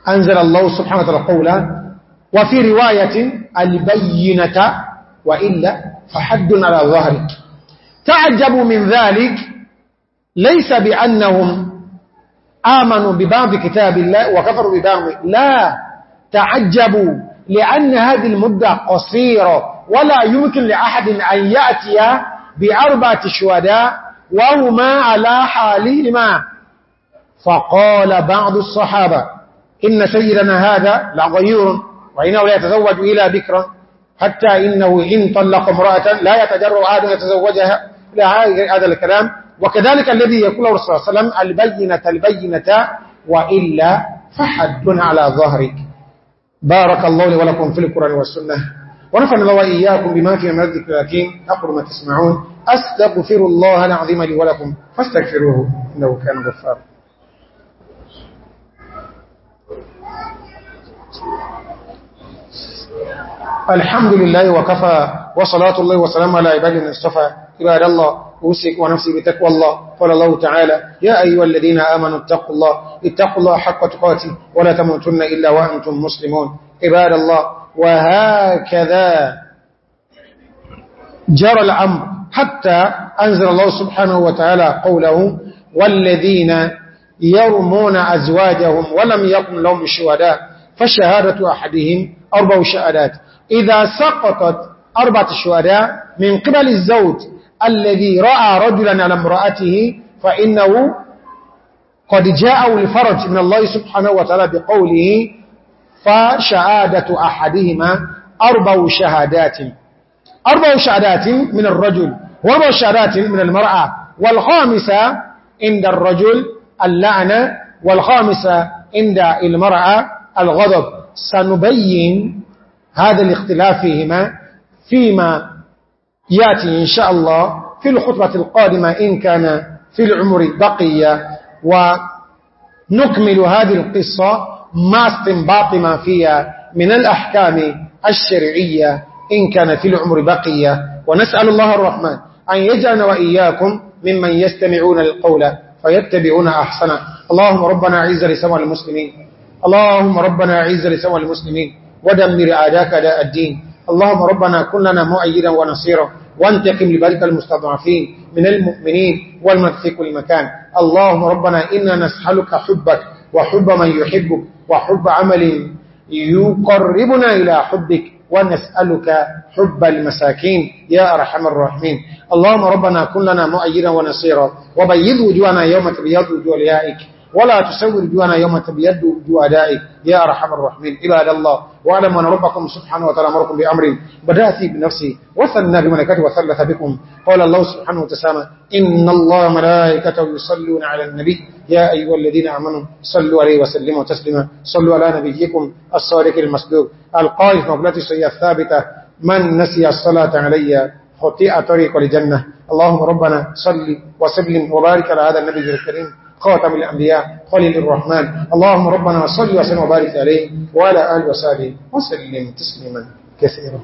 أنزل الله سبحانه وتعالى قولا وفي رواية البينة وإلا فحد على الظهر تعجبوا من ذلك ليس بأنهم آمنوا ببعض كتاب الله وكفروا ببعض لا تعجبوا لأن هذه المدة قصيرة ولا يمكن لأحد أن يأتي بأربعة شهداء وهما على حالهما فقال بعض الصحابة إن سيدنا هذا لغيور وإنه لا يتزوج إلى بكرة حتى إنه إن طلق امرأة لا يتجرع أن يتزوجها إلى هذا الكلام وكذلك الذي يقول الرسول صلى الله عليه وسلم البينة البينة وإلا فحد على ظهرك بارك الله لي ولكم في القرآن والسنة ونفعل الله وإياكم بما في من الذكر لكن أقول ما تسمعون أستغفر الله العظيم لي ولكم فاستغفروه إنه كان غفارا الحمد لله وكفى وصلاة الله وسلام على عباد اصطفى عباد الله أوسك ونفسي بتقوى الله قال الله تعالى يا أيها الذين آمنوا اتقوا الله اتقوا الله حق تقاته ولا تموتن إلا وأنتم مسلمون عباد الله وهكذا جرى الأمر حتى أنزل الله سبحانه وتعالى قوله والذين يرمون أزواجهم ولم يقم لهم شهداء فشهادة أحدهم أربع شهادات إذا سقطت أربعة الشهداء من قبل الزوج الذي رأى رجلا على امرأته فإنه قد جاءوا الفرج من الله سبحانه وتعالى بقوله فشهادة أحدهما أربع شهادات أربع شهادات من الرجل وأربع شهادات من المرأة والخامسة عند الرجل اللعنة والخامسة عند المرأة الغضب سنبين هذا الاختلاف فيهما فيما يأتي إن شاء الله في الخطبة القادمة إن كان في العمر بقية ونكمل هذه القصة ما استنباط ما فيها من الأحكام الشرعية إن كان في العمر بقية ونسأل الله الرحمن أن يجعلنا وإياكم ممن يستمعون للقول فيتبعون أحسنه اللهم ربنا عز لسوى المسلمين اللهم ربنا عز لسوى المسلمين ودمر آداك داء الدين اللهم ربنا كلنا مؤيدا ونصيرا وانتقم لبالك المستضعفين من المؤمنين والمن في كل مكان اللهم ربنا إنا نسحلك حبك وحب من يحبك وحب عمل يقربنا إلى حبك ونسألك حب المساكين يا أرحم الراحمين اللهم ربنا كلنا مؤيدا ونصيرا وبيض وجوانا يوم تبيض وجوه ولا تسور جوانا يوم تبيد جوادائي يا أرحم الرحمن عباد الله وأعلم أن ربكم سبحانه وتعالى أمركم بأمر بدأ بنفسي وثنى بملكته وثلث بكم قال الله سبحانه وتسامى إن الله ملائكته يصلون على النبي يا أيها الذين آمنوا صلوا عليه وسلموا تسلما صلوا على نبيكم الصادق المصدوق القائف مقلة الشيء الثابتة من نسي الصلاة علي خطيئة طريق لجنة اللهم ربنا صل وسلم وبارك على هذا النبي الكريم خاتم الأنبياء خليل الرحمن اللهم ربنا صل وسلم وبارك عليه وعلى آله وصحبه وسلم تسليما كثيرا